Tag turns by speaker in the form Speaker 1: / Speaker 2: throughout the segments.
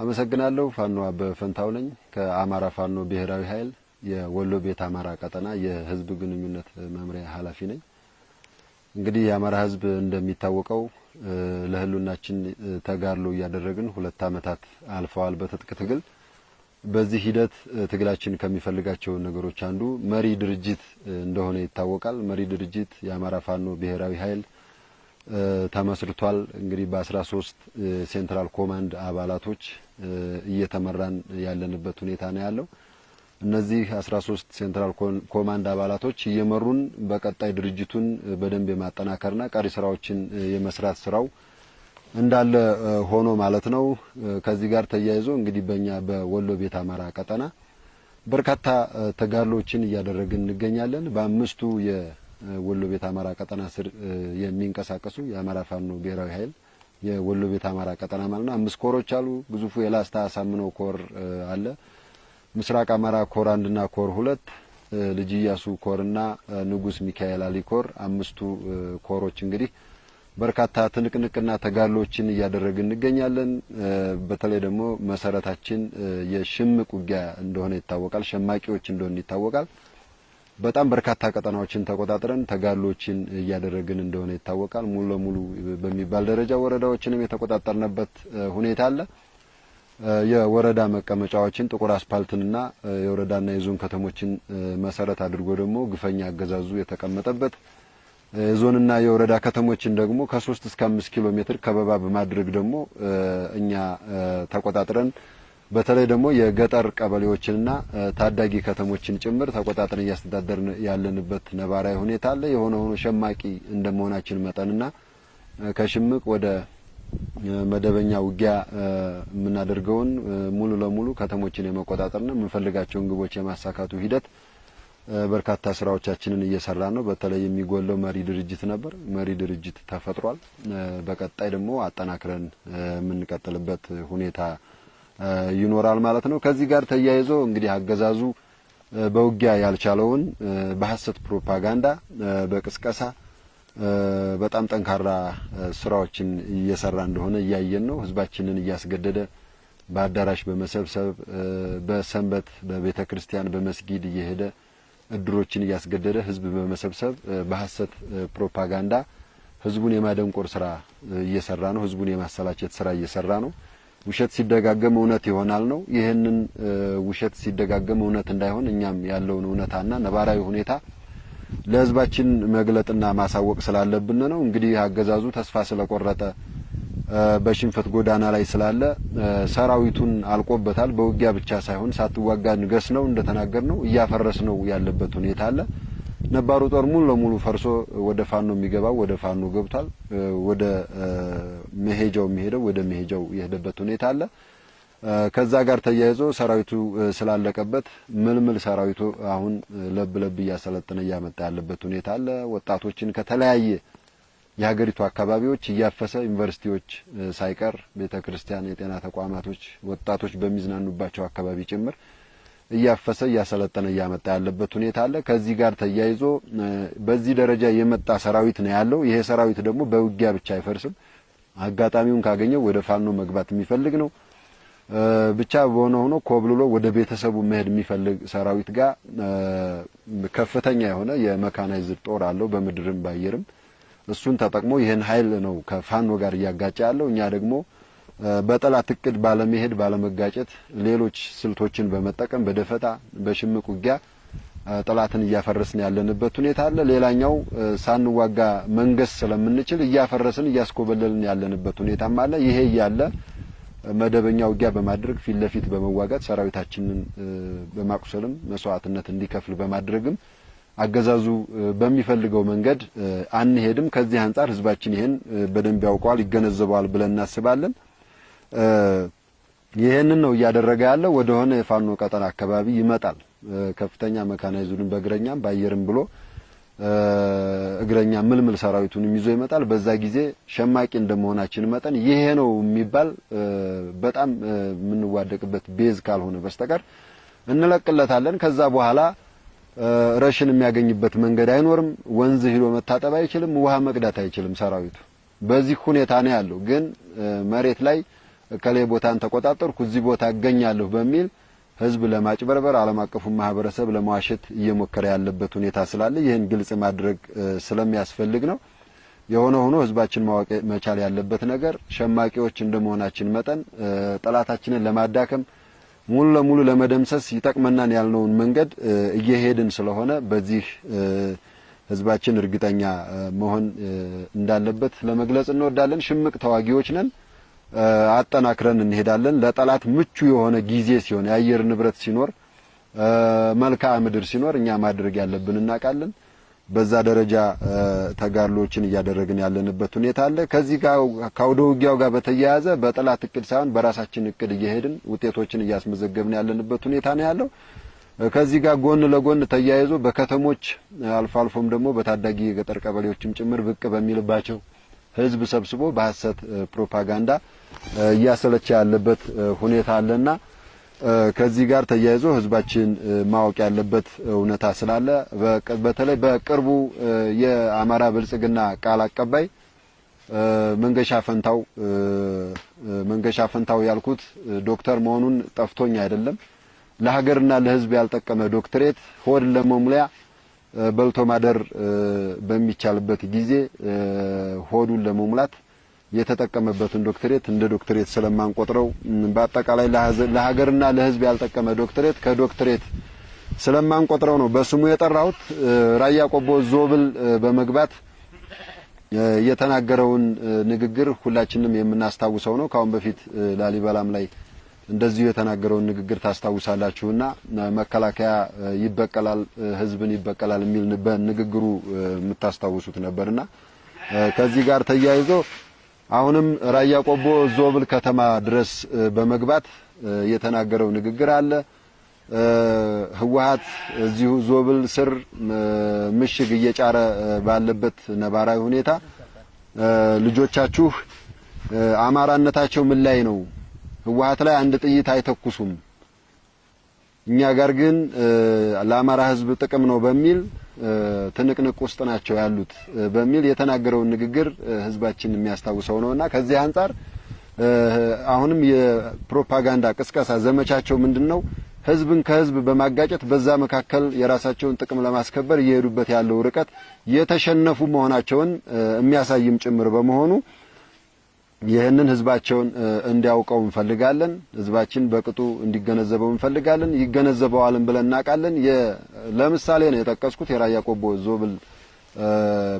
Speaker 1: አመሰግናለሁ። ፋኖ በፈንታው ፈንታው ነኝ ከአማራ ፋኖ ብሔራዊ ኃይል የወሎ ቤት አማራ ቀጠና የህዝብ ግንኙነት መምሪያ ኃላፊ ነኝ። እንግዲህ የአማራ ህዝብ እንደሚታወቀው ለህሉናችን ተጋድሎ እያደረግን ሁለት አመታት አልፈዋል በትጥቅ ትግል። በዚህ ሂደት ትግላችን ከሚፈልጋቸው ነገሮች አንዱ መሪ ድርጅት እንደሆነ ይታወቃል። መሪ ድርጅት የአማራ ፋኖ ብሔራዊ ኃይል ተመስርቷል። እንግዲህ በአስራ ሶስት ሴንትራል ኮማንድ አባላቶች እየተመራን ያለንበት ሁኔታ ነው ያለው። እነዚህ አስራ ሶስት ሴንትራል ኮማንድ አባላቶች እየመሩን በቀጣይ ድርጅቱን በደንብ የማጠናከርና ቀሪ ስራዎችን የመስራት ስራው እንዳለ ሆኖ ማለት ነው። ከዚህ ጋር ተያይዞ እንግዲህ በእኛ በወሎ ቤት አማራ ቀጠና በርካታ ተጋድሎችን እያደረግን እንገኛለን። በአምስቱ ወሎ ቤት አማራ ቀጠና ስር የሚንቀሳቀሱ የአማራ ፋኖ ብሔራዊ ኃይል የወሎ ቤት አማራ ቀጠና ማለት ነው። አምስት ኮሮች አሉ። ግዙፉ የላስታ አሳምነው ኮር አለ። ምስራቅ አማራ ኮር አንድና ኮር ሁለት፣ ልጅ ኢያሱ ኮርና ንጉስ ሚካኤል አሊ ኮር አምስቱ ኮሮች እንግዲህ በርካታ ትንቅንቅና ተጋድሎችን እያደረግን እንገኛለን። በተለይ ደግሞ መሰረታችን የሽምቅ ውጊያ እንደሆነ ይታወቃል። ሸማቂዎች እንደሆነ ይታወቃል። በጣም በርካታ ቀጠናዎችን ተቆጣጥረን ተጋድሎችን እያደረግን እንደሆነ ይታወቃል። ሙሉ ለሙሉ በሚባል ደረጃ ወረዳዎችንም የተቆጣጠርንበት ሁኔታ አለ። የወረዳ መቀመጫዎችን ጥቁር አስፓልትንና የወረዳና የዞን ከተሞችን መሰረት አድርጎ ደግሞ ግፈኛ አገዛዙ የተቀመጠበት የዞንና የወረዳ ከተሞችን ደግሞ ከሶስት እስከ አምስት ኪሎ ሜትር ከበባ በማድረግ ደግሞ እኛ ተቆጣጥረን በተለይ ደግሞ የገጠር ቀበሌዎችንና ታዳጊ ከተሞችን ጭምር ተቆጣጥረን እያስተዳደርን ያለንበት ነባራዊ ሁኔታ አለ። የሆነ ሆኖ ሸማቂ እንደመሆናችን መጠንና ከሽምቅ ወደ መደበኛ ውጊያ የምናደርገውን ሙሉ ለሙሉ ከተሞችን የመቆጣጠርና የምንፈልጋቸውን ግቦች የማሳካቱ ሂደት በርካታ ስራዎቻችንን እየሰራ ነው። በተለይ የሚጎለው መሪ ድርጅት ነበር። መሪ ድርጅት ተፈጥሯል። በቀጣይ ደግሞ አጠናክረን የምንቀጥልበት ሁኔታ ይኖራል ማለት ነው። ከዚህ ጋር ተያይዞ እንግዲህ አገዛዙ በውጊያ ያልቻለውን በሐሰት ፕሮፓጋንዳ፣ በቅስቀሳ በጣም ጠንካራ ስራዎችን እየሰራ እንደሆነ እያየን ነው። ህዝባችንን እያስገደደ በአዳራሽ በመሰብሰብ በሰንበት በቤተ ክርስቲያን በመስጊድ እየሄደ እድሮችን እያስገደደ ህዝብ በመሰብሰብ በሐሰት ፕሮፓጋንዳ ህዝቡን የማደንቆር ስራ እየሰራ ነው። ህዝቡን የማሰላቸት ስራ እየሰራ ነው። ውሸት ሲደጋገም እውነት ይሆናል ነው። ይህንን ውሸት ሲደጋገም እውነት እንዳይሆን እኛም ያለውን እውነታና ነባራዊ ሁኔታ ለህዝባችን መግለጥና ማሳወቅ ስላለብን ነው። እንግዲህ አገዛዙ ተስፋ ስለቆረጠ በሽንፈት ጎዳና ላይ ስላለ ሰራዊቱን አልቆበታል። በውጊያ ብቻ ሳይሆን ሳትዋጋ ንገስ ነው እንደተናገር ነው እያፈረስ ነው ያለበት ሁኔታ አለ። ነባሩ ጦር ሙሉ ለሙሉ ፈርሶ ወደ ፋኖ የሚገባው ወደ ፋኖ ገብቷል። ወደ መሄጃው የሚሄደው ወደ መሄጃው የሄደበት ሁኔታ አለ። ከዛ ጋር ተያይዞ ሰራዊቱ ስላለቀበት ምልምል ሰራዊቱ አሁን ለብ ለብ እያሰለጠነ እያመጣ ያለበት ሁኔታ አለ። ወጣቶችን ከተለያየ የሀገሪቱ አካባቢዎች እያፈሰ ዩኒቨርሲቲዎች ሳይቀር ቤተ ክርስቲያን፣ የጤና ተቋማቶች፣ ወጣቶች በሚዝናኑባቸው አካባቢ ጭምር እያፈሰ እያሰለጠነ እያመጣ ያለበት ሁኔታ አለ። ከዚህ ጋር ተያይዞ በዚህ ደረጃ የመጣ ሰራዊት ነው ያለው። ይሄ ሰራዊት ደግሞ በውጊያ ብቻ አይፈርስም። አጋጣሚውን ካገኘው ወደ ፋኖ መግባት የሚፈልግ ነው። ብቻ በሆነ ሆኖ ኮብልሎ ወደ ቤተሰቡ መሄድ የሚፈልግ ሰራዊት ጋር ከፍተኛ የሆነ የመካናይዝድ ጦር አለው በምድርም ባየርም። እሱን ተጠቅሞ ይህን ኃይል ነው ከፋኖ ጋር እያጋጨ ያለው። እኛ ደግሞ በጠላት እቅድ ባለመሄድ ባለመጋጨት፣ ሌሎች ስልቶችን በመጠቀም በደፈጣ በሽምቅ ውጊያ ጠላትን እያፈረስን ያለንበት ሁኔታ አለ። ሌላኛው ሳንዋጋ መንገስ ስለምንችል እያፈረስን እያስኮበለልን ያለንበት ሁኔታም አለ። ይሄ እያለ መደበኛ ውጊያ በማድረግ ፊት ለፊት በመዋጋት ሰራዊታችንን በማቁሰልም መስዋዕትነት እንዲከፍል በማድረግም አገዛዙ በሚፈልገው መንገድ አንሄድም። ከዚህ አንጻር ህዝባችን ይሄን በደንብ ያውቀዋል፣ ይገነዘበዋል ብለን እናስባለን። ይህንን ነው እያደረገ ያለው። ወደሆነ የፋኖ ቀጠና አካባቢ ይመጣል። ከፍተኛ መካናይዙን በእግረኛም በአየርም ብሎ እግረኛ ምልምል ሰራዊቱንም ይዞ ይመጣል። በዛ ጊዜ ሸማቂ እንደመሆናችን መጠን ይሄ ነው የሚባል በጣም የምንዋደቅበት ቤዝ ካልሆነ በስተቀር እንለቅለታለን። ከዛ በኋላ ረሽን የሚያገኝበት መንገድ አይኖርም። ወንዝ ሂዶ መታጠብ አይችልም። ውሃ መቅዳት አይችልም። ሰራዊቱ በዚህ ሁኔታ ነው ያለው። ግን መሬት ላይ እከሌ ቦታን ተቆጣጠርኩ እዚህ ቦታ እገኛለሁ በሚል ህዝብ ለማጭበርበር ዓለም አቀፉ ማህበረሰብ ለመዋሸት እየሞከረ ያለበት ሁኔታ ስላለ ይህን ግልጽ ማድረግ ስለሚያስፈልግ ነው። የሆነ ሆኖ ህዝባችን ማወቅ መቻል ያለበት ነገር ሸማቂዎች እንደመሆናችን መጠን ጠላታችንን ለማዳከም ሙሉ ለሙሉ ለመደምሰስ ይጠቅመናን ያልነውን መንገድ እየሄድን ስለሆነ በዚህ ህዝባችን እርግጠኛ መሆን እንዳለበት ለመግለጽ እንወዳለን። ሽምቅ ተዋጊዎች ነን። አጠናክረን እንሄዳለን። ለጠላት ምቹ የሆነ ጊዜ ሲሆን፣ የአየር ንብረት ሲኖር፣ መልክዓ ምድር ሲኖር እኛ ማድረግ ያለብን እናውቃለን። በዛ ደረጃ ተጋድሎችን እያደረግን ያለንበት ሁኔታ አለ። ከዚህ ከአውደ ውጊያው ጋር በተያያዘ በጠላት እቅድ ሳይሆን በራሳችን እቅድ እየሄድን ውጤቶችን እያስመዘገብን ያለንበት ሁኔታ ነው ያለው። ከዚህ ጋር ጎን ለጎን ተያይዞ በከተሞች አልፎ አልፎም ደግሞ በታዳጊ የገጠር ቀበሌዎችም ጭምር ብቅ በሚልባቸው ህዝብ ሰብስቦ በሐሰት ፕሮፓጋንዳ እያሰለች ያለበት ሁኔታ አለና ከዚህ ጋር ተያይዞ ህዝባችን ማወቅ ያለበት እውነታ ስላለ በተለይ በቅርቡ የአማራ ብልጽግና ቃል አቀባይ መንገሻ ፈንታው መንገሻ ፈንታው ያልኩት ዶክተር መሆኑን ጠፍቶኝ አይደለም። ለሀገርና ለህዝብ ያልጠቀመ ዶክትሬት ሆድ ለመሙሊያ በልቶ ማደር በሚቻልበት ጊዜ ሆዱን ለመሙላት የተጠቀመበትን ዶክትሬት እንደ ዶክትሬት ስለማንቆጥረው በአጠቃላይ ለሀገርና ለሕዝብ ያልጠቀመ ዶክትሬት ከዶክትሬት ስለማንቆጥረው ነው በስሙ የጠራሁት። ራያ ቆቦ ዞብል በመግባት የተናገረውን ንግግር ሁላችንም የምናስታውሰው ነው። ካሁን በፊት ላሊበላም ላይ እንደዚሁ የተናገረውን ንግግር ታስታውሳላችሁና መከላከያ ይበቀላል፣ ህዝብን ይበቀላል የሚል በንግግሩ የምታስታውሱት ነበርና ከዚህ ጋር ተያይዞ አሁንም ራያ ቆቦ ዞብል ከተማ ድረስ በመግባት የተናገረው ንግግር አለ። ህወሓት እዚሁ ዞብል ስር ምሽግ እየጫረ ባለበት ነባራዊ ሁኔታ ልጆቻችሁ አማራነታቸው ምን ላይ ነው? ህወሓት ላይ አንድ ጥይት አይተኩሱም፣ እኛ ጋር ግን ለአማራ ህዝብ ጥቅም ነው በሚል ትንቅንቅ ውስጥ ናቸው ያሉት በሚል የተናገረውን ንግግር ህዝባችን የሚያስታውሰው ነው እና ከዚህ አንጻር አሁንም የፕሮፓጋንዳ ቅስቀሳ ዘመቻቸው ምንድነው? ህዝብን ከህዝብ በማጋጨት በዛ መካከል የራሳቸውን ጥቅም ለማስከበር እየሄዱበት ያለው ርቀት የተሸነፉ መሆናቸውን የሚያሳይም ጭምር በመሆኑ ይህንን ህዝባቸውን እንዲያውቀው እንፈልጋለን። ህዝባችን በቅጡ እንዲገነዘበው እንፈልጋለን። ይገነዘበዋልን ብለን እናውቃለን። ለምሳሌ ነው የጠቀስኩት የራያ ቆቦ ዞብል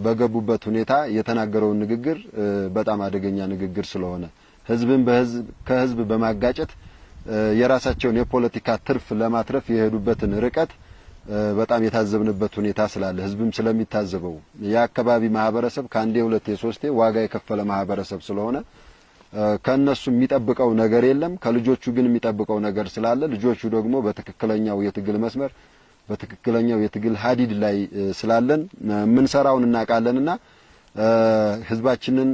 Speaker 1: በገቡበት ሁኔታ የተናገረውን ንግግር በጣም አደገኛ ንግግር ስለሆነ ህዝብን በህዝብ ከህዝብ በማጋጨት የራሳቸውን የፖለቲካ ትርፍ ለማትረፍ የሄዱበትን ርቀት በጣም የታዘብንበት ሁኔታ ስላለ ህዝብም ስለሚታዘበው የአካባቢ ማህበረሰብ ከአንዴ ሁለቴ ሶስቴ ዋጋ የከፈለ ማህበረሰብ ስለሆነ ከእነሱ የሚጠብቀው ነገር የለም። ከልጆቹ ግን የሚጠብቀው ነገር ስላለ ልጆቹ ደግሞ በትክክለኛው የትግል መስመር በትክክለኛው የትግል ሀዲድ ላይ ስላለን የምንሰራውን እናውቃለንና ህዝባችንን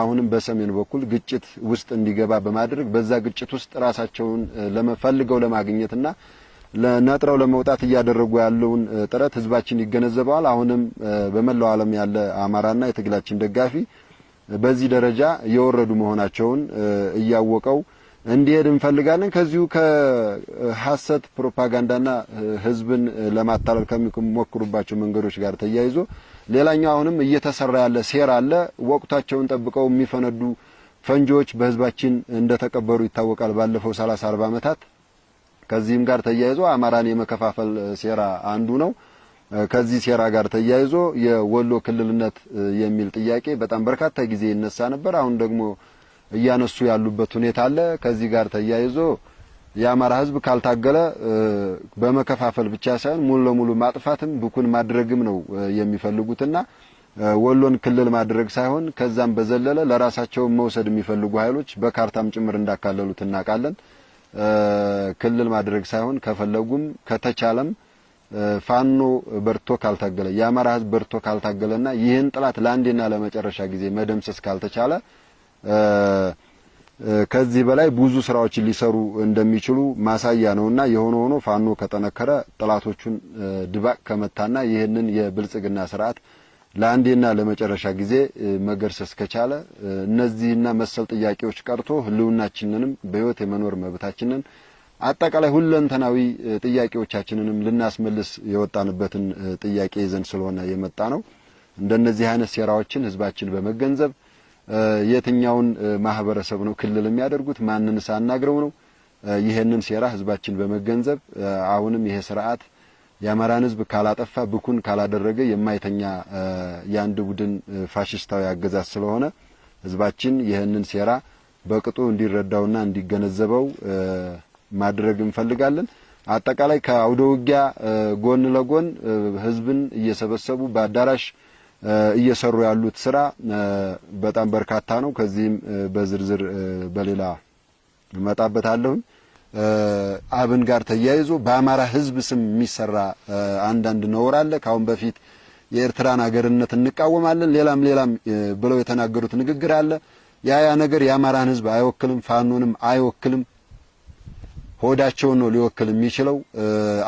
Speaker 1: አሁንም በሰሜን በኩል ግጭት ውስጥ እንዲገባ በማድረግ በዛ ግጭት ውስጥ ራሳቸውን ለመፈልገው ለማግኘትና ነጥረው ለመውጣት እያደረጉ ያለውን ጥረት ህዝባችን ይገነዘበዋል። አሁንም በመላው ዓለም ያለ አማራና የትግላችን ደጋፊ በዚህ ደረጃ የወረዱ መሆናቸውን እያወቀው እንዲሄድ እንፈልጋለን። ከዚሁ ከሀሰት ፕሮፓጋንዳና ህዝብን ለማታለል ከሚሞክሩባቸው መንገዶች ጋር ተያይዞ ሌላኛው አሁንም እየተሰራ ያለ ሴራ አለ። ወቅታቸውን ጠብቀው የሚፈነዱ ፈንጂዎች በህዝባችን እንደተቀበሩ ይታወቃል። ባለፈው 30 40 ዓመታት ከዚህም ጋር ተያይዞ አማራን የመከፋፈል ሴራ አንዱ ነው። ከዚህ ሴራ ጋር ተያይዞ የወሎ ክልልነት የሚል ጥያቄ በጣም በርካታ ጊዜ ይነሳ ነበር። አሁን ደግሞ እያነሱ ያሉበት ሁኔታ አለ። ከዚህ ጋር ተያይዞ የአማራ ሕዝብ ካልታገለ በመከፋፈል ብቻ ሳይሆን ሙሉ ለሙሉ ማጥፋትም ብኩን ማድረግም ነው የሚፈልጉትና ወሎን ክልል ማድረግ ሳይሆን ከዛም በዘለለ ለራሳቸው መውሰድ የሚፈልጉ ኃይሎች በካርታም ጭምር እንዳካለሉት እናውቃለን። ክልል ማድረግ ሳይሆን ከፈለጉም ከተቻለም ፋኖ በርቶ ካልታገለ የአማራ ህዝብ በርቶ ካልታገለና ይህን ጥላት ለአንዴና ለመጨረሻ ጊዜ መደምሰስ ካልተቻለ ከዚህ በላይ ብዙ ስራዎች ሊሰሩ እንደሚችሉ ማሳያ ነውና የሆነ ሆኖ ፋኖ ከጠነከረ ጥላቶቹን ድባቅ ከመታና ይህንን የብልጽግና ስርዓት ለአንዴና ለመጨረሻ ጊዜ መገርሰስ ከቻለ እነዚህና መሰል ጥያቄዎች ቀርቶ ህልውናችንንም በህይወት የመኖር መብታችንን አጠቃላይ ሁለንተናዊ ጥያቄዎቻችንንም ልናስመልስ የወጣንበትን ጥያቄ ይዘን ስለሆነ የመጣ ነው። እንደነዚህ አይነት ሴራዎችን ህዝባችን በመገንዘብ የትኛውን ማህበረሰብ ነው ክልል የሚያደርጉት? ማንንስ አናግረው ነው? ይህንን ሴራ ህዝባችን በመገንዘብ አሁንም ይሄ ስርዓት የአማራን ሕዝብ ካላጠፋ ብኩን ካላደረገ የማይተኛ የአንድ ቡድን ፋሽስታዊ አገዛዝ ስለሆነ ሕዝባችን ይህንን ሴራ በቅጡ እንዲረዳውና እንዲገነዘበው ማድረግ እንፈልጋለን። አጠቃላይ ከአውደ ውጊያ ጎን ለጎን ሕዝብን እየሰበሰቡ በአዳራሽ እየሰሩ ያሉት ስራ በጣም በርካታ ነው። ከዚህም በዝርዝር በሌላ እመጣበታለሁ። አብን ጋር ተያይዞ በአማራ ህዝብ ስም የሚሰራ አንዳንድ ነውር አለ። ካሁን በፊት የኤርትራን ሀገርነት እንቃወማለን ሌላም ሌላም ብለው የተናገሩት ንግግር አለ። ያ ያ ነገር የአማራን ህዝብ አይወክልም፣ ፋኖንም አይወክልም። ሆዳቸውን ነው ሊወክል የሚችለው።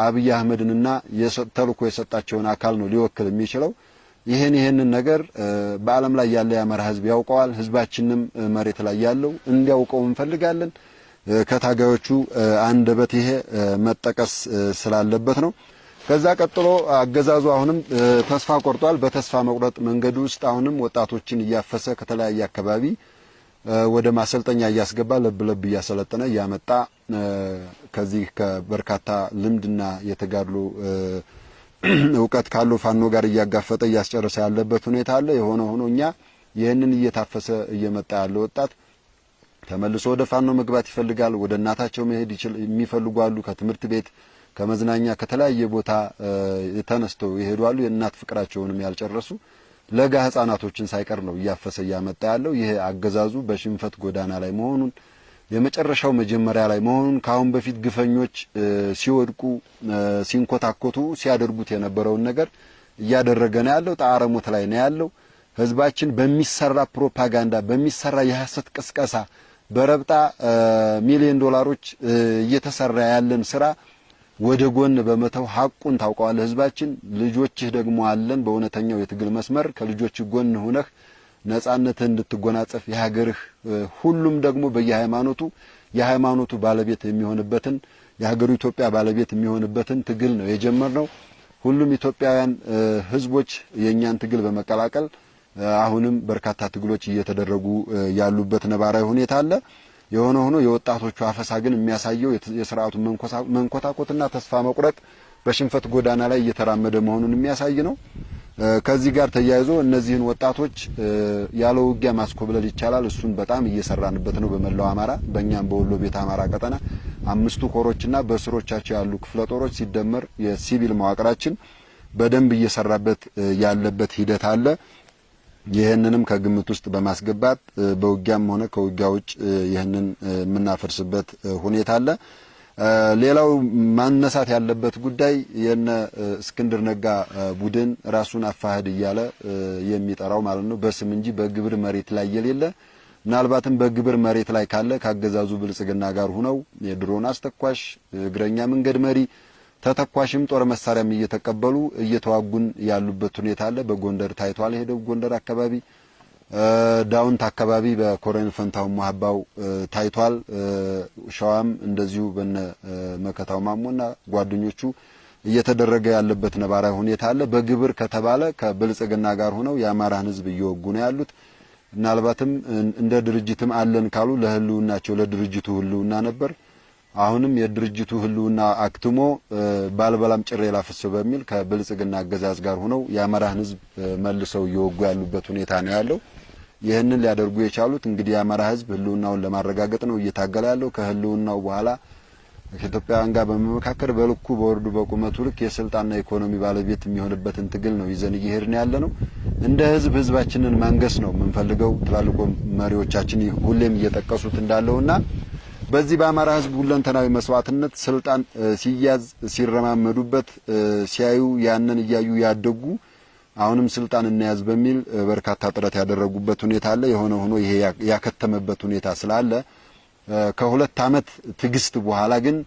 Speaker 1: አብይ አህመድንና ተልእኮ የሰጣቸውን አካል ነው ሊወክል የሚችለው። ይህን ይህንን ነገር በዓለም ላይ ያለ የአማራ ህዝብ ያውቀዋል። ህዝባችንም መሬት ላይ ያለው እንዲያውቀው እንፈልጋለን። ከታጋዮቹ አንደበት ይሄ መጠቀስ ስላለበት ነው። ከዛ ቀጥሎ አገዛዙ አሁንም ተስፋ ቆርጧል። በተስፋ መቁረጥ መንገድ ውስጥ አሁንም ወጣቶችን እያፈሰ ከተለያየ አካባቢ ወደ ማሰልጠኛ እያስገባ ለብ ለብ እያሰለጠነ እያመጣ ከዚህ ከበርካታ ልምድና የተጋድሎ እውቀት ካሉ ፋኖ ጋር እያጋፈጠ እያስጨረሰ ያለበት ሁኔታ አለ። የሆነ ሆኖ እኛ ይህንን እየታፈሰ እየመጣ ያለው ወጣት ተመልሶ ወደ ፋኖ መግባት ይፈልጋል። ወደ እናታቸው መሄድ የሚፈልጉ አሉ። ከትምህርት ቤት፣ ከመዝናኛ፣ ከተለያየ ቦታ ተነስተው ይሄዱ አሉ። የእናት ፍቅራቸውንም ያልጨረሱ ለጋ ህጻናቶችን ሳይቀር ነው እያፈሰ እያመጣ ያለው። ይሄ አገዛዙ በሽንፈት ጎዳና ላይ መሆኑን የመጨረሻው መጀመሪያ ላይ መሆኑን ከአሁን በፊት ግፈኞች ሲወድቁ ሲንኮታኮቱ ሲያደርጉት የነበረውን ነገር እያደረገ ነው ያለው። ጣረ ላይ ነው ያለው። ህዝባችን በሚሰራ ፕሮፓጋንዳ በሚሰራ የሐሰት ቅስቀሳ በረብጣ ሚሊዮን ዶላሮች እየተሰራ ያለን ስራ ወደ ጎን በመተው ሀቁን ታውቀዋለህ። ህዝባችን ልጆችህ ደግሞ አለን። በእውነተኛው የትግል መስመር ከልጆች ጎን ሆነህ ነጻነትህን እንድትጎናጸፍ የሀገርህ ሁሉም ደግሞ በየሃይማኖቱ የሃይማኖቱ ባለቤት የሚሆንበትን የሀገሩ ኢትዮጵያ ባለቤት የሚሆንበትን ትግል ነው የጀመርነው። ሁሉም ኢትዮጵያውያን ህዝቦች የእኛን ትግል በመቀላቀል አሁንም በርካታ ትግሎች እየተደረጉ ያሉበት ነባራዊ ሁኔታ አለ። የሆነ ሆኖ የወጣቶቹ አፈሳ ግን የሚያሳየው የስርዓቱን መንኮታኮትና ተስፋ መቁረጥ በሽንፈት ጎዳና ላይ እየተራመደ መሆኑን የሚያሳይ ነው። ከዚህ ጋር ተያይዞ እነዚህን ወጣቶች ያለ ውጊያ ማስኮብለል ይቻላል። እሱን በጣም እየሰራንበት ነው። በመላው አማራ፣ በእኛም በወሎ ቤት አማራ ቀጠና አምስቱ ኮሮችና በስሮቻቸው ያሉ ክፍለ ጦሮች ሲደመር የሲቪል መዋቅራችን በደንብ እየሰራበት ያለበት ሂደት አለ። ይህንንም ከግምት ውስጥ በማስገባት በውጊያም ሆነ ከውጊያ ውጭ ይህንን የምናፈርስበት ሁኔታ አለ። ሌላው ማነሳት ያለበት ጉዳይ የነ እስክንድር ነጋ ቡድን ራሱን አፋህድ እያለ የሚጠራው ማለት ነው በስም እንጂ በግብር መሬት ላይ የሌለ ምናልባትም በግብር መሬት ላይ ካለ ካገዛዙ ብልጽግና ጋር ሁነው የድሮን አስተኳሽ፣ እግረኛ መንገድ መሪ ተተኳሽም ጦር መሳሪያም እየተቀበሉ እየተዋጉን ያሉበት ሁኔታ አለ። በጎንደር ታይቷል። ሄደው ጎንደር አካባቢ ዳውንት አካባቢ በኮሎኔል ፈንታው ማህባው ታይቷል። ሸዋም እንደዚሁ በነ መከታው ማሞና ጓደኞቹ እየተደረገ ያለበት ነባራዊ ሁኔታ አለ። በግብር ከተባለ ከብልጽግና ጋር ሆነው የአማራን ህዝብ እየወጉ ነው ያሉት። ምናልባትም እንደ ድርጅትም አለን ካሉ ለህልውናቸው ለድርጅቱ ህልውና ነበር አሁንም የድርጅቱ ህልውና አክትሞ ባልበላም ጭሬ ላፍሰው በሚል ከብልጽግና አገዛዝ ጋር ሆነው የአማራን ህዝብ መልሰው እየወጉ ያሉበት ሁኔታ ነው ያለው። ይህንን ሊያደርጉ የቻሉት እንግዲህ የአማራ ህዝብ ህልውናውን ለማረጋገጥ ነው እየታገለ ያለው። ከህልውናው በኋላ ከኢትዮጵያውያን ጋር በመመካከር በልኩ በወርዱ በቁመቱ ልክ የስልጣንና ኢኮኖሚ ባለቤት የሚሆንበትን ትግል ነው ይዘን እየሄድን ያለ ነው። እንደ ህዝብ ህዝባችንን ማንገስ ነው የምንፈልገው። ትላልቆ መሪዎቻችን ሁሌም እየጠቀሱት እንዳለውና በዚህ በአማራ ህዝብ ሁለንተናዊ መስዋዕትነት ስልጣን ሲያዝ ሲረማመዱበት ሲያዩ ያንን እያዩ ያደጉ አሁንም ስልጣን እንያዝ በሚል በርካታ ጥረት ያደረጉበት ሁኔታ አለ። የሆነ ሆኖ ይሄ ያከተመበት ሁኔታ ስላለ ከሁለት አመት ትግስት በኋላ ግን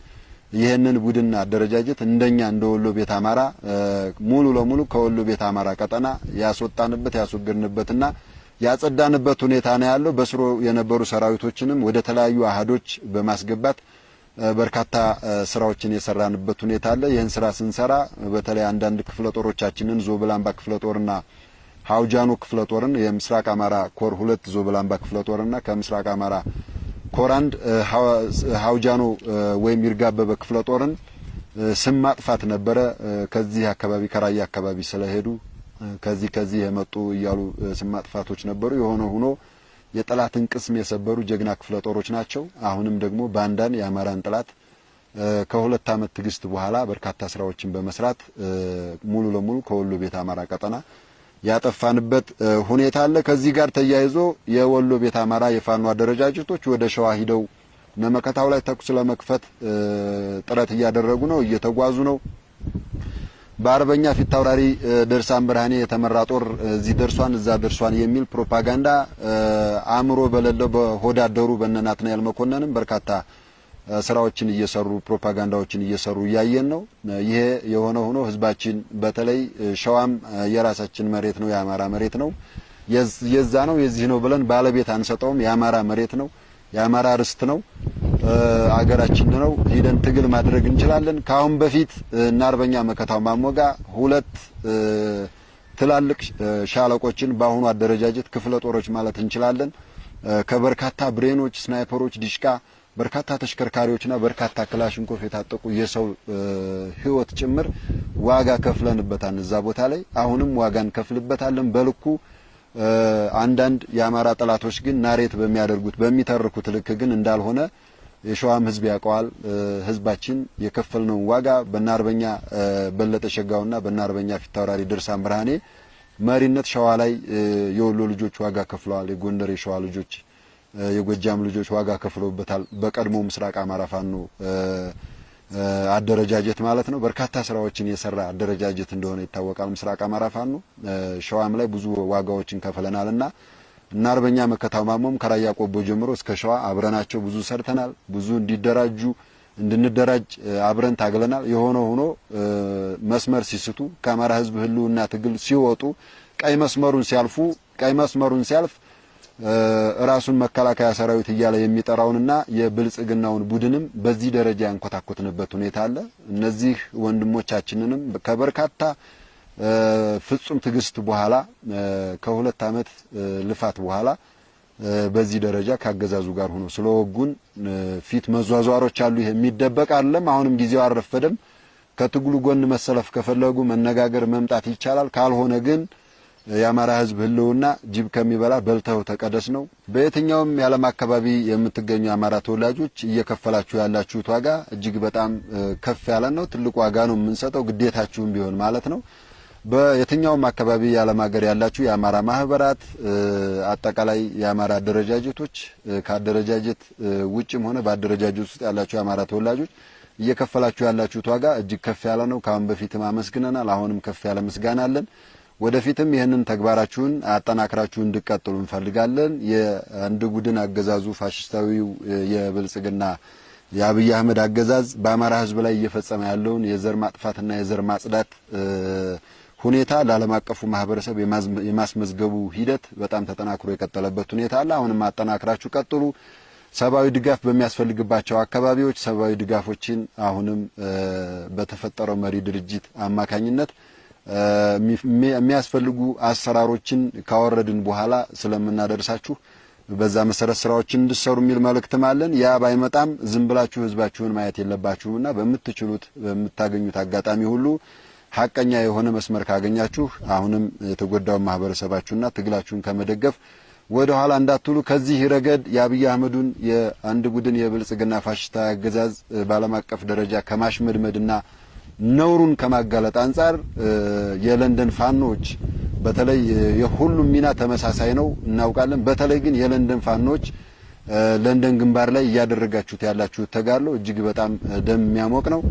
Speaker 1: ይህንን ቡድን አደረጃጀት እንደኛ እንደ ወሎ ቤት አማራ ሙሉ ለሙሉ ከወሎ ቤት አማራ ቀጠና ያስወጣንበት ያስወገድንበትና ያጸዳንበት ሁኔታ ነው ያለው። በስሮ የነበሩ ሰራዊቶችንም ወደ ተለያዩ አህዶች በማስገባት በርካታ ስራዎችን የሰራንበት ሁኔታ አለ። ይህን ስራ ስንሰራ በተለይ አንዳንድ ክፍለ ጦሮቻችንን ዞብላምባ ክፍለ ጦርና ሀውጃኖ ክፍለ ጦርን የምስራቅ አማራ ኮር ሁለት ዞብላምባ ክፍለ ጦርና ከምስራቅ አማራ ኮር አንድ ሀውጃኖ ወይም ይርጋበበ ክፍለ ጦርን ስም ማጥፋት ነበረ። ከዚህ አካባቢ ከራያ አካባቢ ስለሄዱ ከዚህ ከዚህ የመጡ እያሉ ስም ማጥፋቶች ነበሩ። የሆነ ሆኖ የጠላትን ቅስም የሰበሩ ጀግና ክፍለ ጦሮች ናቸው። አሁንም ደግሞ ባንዳን የአማራን ጠላት ከሁለት ዓመት ትግስት በኋላ በርካታ ስራዎችን በመስራት ሙሉ ለሙሉ ከወሎ ቤት አማራ ቀጠና ያጠፋንበት ሁኔታ አለ። ከዚህ ጋር ተያይዞ የወሎ ቤት አማራ የፋኖ አደረጃጀቶች ወደ ሸዋ ሂደው ነመከታው ላይ ተኩስ ለመክፈት ጥረት እያደረጉ ነው፣ እየተጓዙ ነው። በአርበኛ ፊት አውራሪ ድርሳን ብርሃኔ የተመራ ጦር እዚህ ደርሷን እዛ ደርሷን የሚል ፕሮፓጋንዳ አእምሮ በሌለው በሆዳደሩ በነናትናኤል መኮንንም በርካታ ስራዎችን እየሰሩ ፕሮፓጋንዳዎችን እየሰሩ እያየን ነው። ይሄ የሆነ ሆኖ ህዝባችን በተለይ ሸዋም የራሳችን መሬት ነው፣ የአማራ መሬት ነው፣ የዛ ነው፣ የዚህ ነው ብለን ባለቤት አንሰጠውም። የአማራ መሬት ነው። የአማራ ርስት ነው፣ አገራችን ነው። ሄደን ትግል ማድረግ እንችላለን። ከአሁን በፊት እና አርበኛ መከታው ማሞጋ ሁለት ትላልቅ ሻለቆችን በአሁኑ አደረጃጀት ክፍለ ጦሮች ማለት እንችላለን ከበርካታ ብሬኖች፣ ስናይፐሮች፣ ዲሽቃ በርካታ ተሽከርካሪዎችና በርካታ ክላሽንኮፍ የታጠቁ የሰው ህይወት ጭምር ዋጋ ከፍለንበታን እዛ ቦታ ላይ አሁንም ዋጋ እንከፍልበታለን በልኩ አንዳንድ የአማራ ጠላቶች ግን ናሬት በሚያደርጉት በሚተርኩት ልክ ግን እንዳልሆነ የሸዋም ህዝብ ያውቀዋል። ህዝባችን የከፈልነውን ዋጋ በናርበኛ በለጠ ሸጋውና በናርበኛ ፊታውራሪ ድርሳን ብርሃኔ መሪነት ሸዋ ላይ የወሎ ልጆች ዋጋ ከፍለዋል። የጎንደር የሸዋ ልጆች፣ የጎጃም ልጆች ዋጋ ከፍለውበታል። በቀድሞ ምስራቅ አማራ ፋኖ አደረጃጀት ማለት ነው። በርካታ ስራዎችን የሰራ አደረጃጀት እንደሆነ ይታወቃል። ምስራቅ አማራ ፋኖ ሸዋም ላይ ብዙ ዋጋዎችን ከፍለናል እና አርበኛ መከታው ማሞም ከራያ ቆቦ ጀምሮ እስከ ሸዋ አብረናቸው ብዙ ሰርተናል። ብዙ እንዲደራጁ እንድንደራጅ አብረን ታግለናል። የሆነ ሆኖ መስመር ሲስቱ ከአማራ ሕዝብ ህልውና ትግል ሲወጡ ቀይ መስመሩን ሲያልፉ ቀይ መስመሩን ሲያልፍ ራሱን መከላከያ ሰራዊት እያለ የሚጠራውንና የብልጽግናውን ቡድንም በዚህ ደረጃ ያንኮታኮትንበት ሁኔታ አለ። እነዚህ ወንድሞቻችንንም ከበርካታ ፍጹም ትግስት በኋላ ከሁለት አመት ልፋት በኋላ በዚህ ደረጃ ካገዛዙ ጋር ሆኖ ስለወጉን ፊት መዟዟሮች አሉ። ይሄ የሚደበቅ አይደለም። አሁንም ጊዜው አልረፈደም። ከትግሉ ጎን መሰለፍ ከፈለጉ መነጋገር መምጣት ይቻላል። ካልሆነ ግን የአማራ ህዝብ ህልውና ጅብ ከሚበላ በልተው ተቀደስ ነው። በየትኛውም የዓለም አካባቢ የምትገኙ የአማራ ተወላጆች እየከፈላችሁ ያላችሁት ዋጋ እጅግ በጣም ከፍ ያለ ነው። ትልቁ ዋጋ ነው የምንሰጠው፣ ግዴታችሁም ቢሆን ማለት ነው። በየትኛውም አካባቢ የዓለም ሀገር ያላችሁ የአማራ ማህበራት፣ አጠቃላይ የአማራ አደረጃጀቶች ከአደረጃጀት ውጭም ሆነ በአደረጃጀት ውስጥ ያላችሁ የአማራ ተወላጆች እየከፈላችሁ ያላችሁት ዋጋ እጅግ ከፍ ያለ ነው። ከአሁን በፊትም አመስግነናል። አሁንም ከፍ ያለ ምስጋና አለን። ወደፊትም ይህንን ተግባራችሁን አጠናክራችሁ እንድቀጥሉ እንፈልጋለን። የአንድ ቡድን አገዛዙ ፋሽስታዊው የብልጽግና የአብይ አህመድ አገዛዝ በአማራ ሕዝብ ላይ እየፈጸመ ያለውን የዘር ማጥፋትና የዘር ማጽዳት ሁኔታ ለዓለም አቀፉ ማህበረሰብ የማስመዝገቡ ሂደት በጣም ተጠናክሮ የቀጠለበት ሁኔታ አለ። አሁንም አጠናክራችሁ ቀጥሉ። ሰብአዊ ድጋፍ በሚያስፈልግባቸው አካባቢዎች ሰብአዊ ድጋፎችን አሁንም በተፈጠረው መሪ ድርጅት አማካኝነት የሚያስፈልጉ አሰራሮችን ካወረድን በኋላ ስለምናደርሳችሁ በዛ መሰረት ስራዎችን እንድሰሩ የሚል መልእክትም አለን። ያ ባይመጣም ዝም ብላችሁ ህዝባችሁን ማየት የለባችሁምና በምትችሉት በምታገኙት አጋጣሚ ሁሉ ሀቀኛ የሆነ መስመር ካገኛችሁ አሁንም የተጎዳውን ማህበረሰባችሁና ትግላችሁን ከመደገፍ ወደ ኋላ እንዳትሉ። ከዚህ ረገድ የአብይ አህመዱን የአንድ ቡድን የብልጽግና ፋሽስታ አገዛዝ በዓለም አቀፍ ደረጃ ከማሽመድመድና ነውሩን ከማጋለጥ አንጻር የለንደን ፋኖች በተለይ የሁሉም ሚና ተመሳሳይ ነው እናውቃለን። በተለይ ግን የለንደን ፋኖች ለንደን ግንባር ላይ እያደረጋችሁት ያላችሁት ተጋድሎ እጅግ በጣም ደም የሚያሞቅ ነው።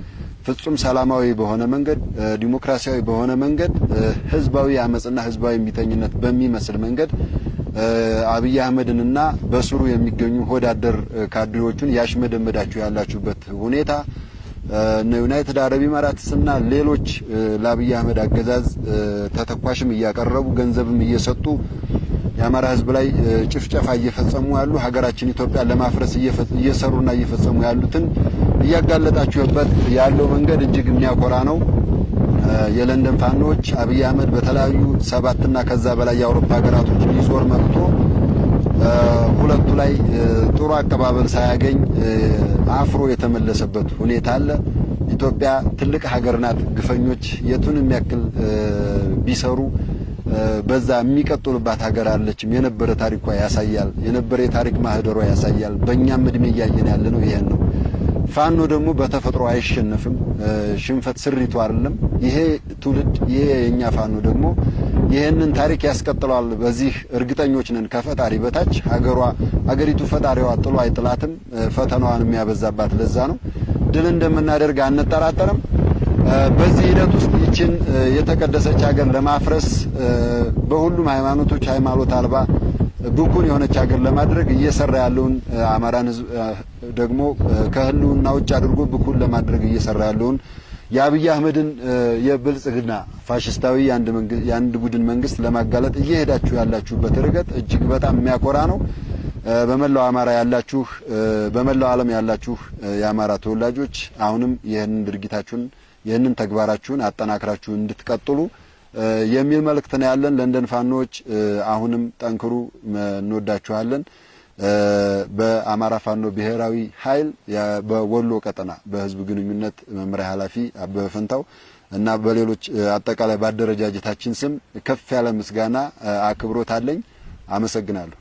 Speaker 1: ፍጹም ሰላማዊ በሆነ መንገድ፣ ዲሞክራሲያዊ በሆነ መንገድ፣ ህዝባዊ አመጽና ህዝባዊ እምቢተኝነት በሚመስል መንገድ አብይ አህመድንና በስሩ የሚገኙ ሆዳደር ካድሬዎቹን ያሽመደመዳችሁ ያላችሁበት ሁኔታ ዩናይትድ አረብ ኢማራትስ እና ሌሎች ለአብይ አህመድ አገዛዝ ተተኳሽም እያቀረቡ ገንዘብም እየሰጡ የአማራ ህዝብ ላይ ጭፍጨፋ እየፈጸሙ ያሉ ሀገራችን ኢትዮጵያ ለማፍረስ እየሰሩና እየፈጸሙ ያሉትን እያጋለጣችሁበት ያለው መንገድ እጅግ የሚያኮራ ነው። የለንደን ፋኖች አብይ አህመድ በተለያዩ ሰባትና ከዛ በላይ የአውሮፓ ሀገራቶች ሊዞር መጥቶ ሁለቱ ላይ ጥሩ አቀባበል ሳያገኝ አፍሮ የተመለሰበት ሁኔታ አለ። ኢትዮጵያ ትልቅ ሀገር ናት። ግፈኞች የቱን የሚያክል ቢሰሩ በዛ የሚቀጥሉባት ሀገር አለችም። የነበረ ታሪኳ ያሳያል። የነበረ የታሪክ ማህደሯ ያሳያል። በእኛም እድሜ እያየን ያለ ነው። ይሄን ነው። ፋኖ ደግሞ በተፈጥሮ አይሸነፍም። ሽንፈት ስሪቱ አይደለም። ይሄ ትውልድ ይሄ የእኛ ፋኖ ደግሞ ይህንን ታሪክ ያስቀጥለዋል። በዚህ እርግጠኞች ነን። ከፈጣሪ በታች ሀገሯ ሀገሪቱ ፈጣሪዋ ጥሎ አይጥላትም። ፈተናዋን የሚያበዛባት ለዛ ነው። ድል እንደምናደርግ አንጠራጠርም። በዚህ ሂደት ውስጥ ይችን የተቀደሰች ሀገር ለማፍረስ በሁሉም ሃይማኖቶች ሃይማኖት አልባ ብኩን የሆነች ሀገር ለማድረግ እየሰራ ያለውን አማራን ህዝብ ደግሞ ከህልውና ውጭ አድርጎ ብኩን ለማድረግ እየሰራ ያለውን የአብይ አህመድን የብልጽግና ፋሽስታዊ የአንድ ቡድን መንግስት ለማጋለጥ እየሄዳችሁ ያላችሁበት ርቀት እጅግ በጣም የሚያኮራ ነው። በመላው አማራ ያላችሁ፣ በመላው ዓለም ያላችሁ የአማራ ተወላጆች አሁንም ይህንን ድርጊታችሁን ይህንን ተግባራችሁን አጠናክራችሁ እንድትቀጥሉ የሚል መልእክት ነው ያለን። ለንደን ፋኖዎች አሁንም ጠንክሩ፣ እንወዳችኋለን። በአማራ ፋኖ ብሔራዊ ኃይል በወሎ ቀጠና በህዝብ ግንኙነት መምሪያ ኃላፊ አበበ ፈንታው እና በሌሎች አጠቃላይ ባደረጃጀታችን ስም ከፍ ያለ ምስጋና አክብሮት አለኝ። አመሰግናለሁ።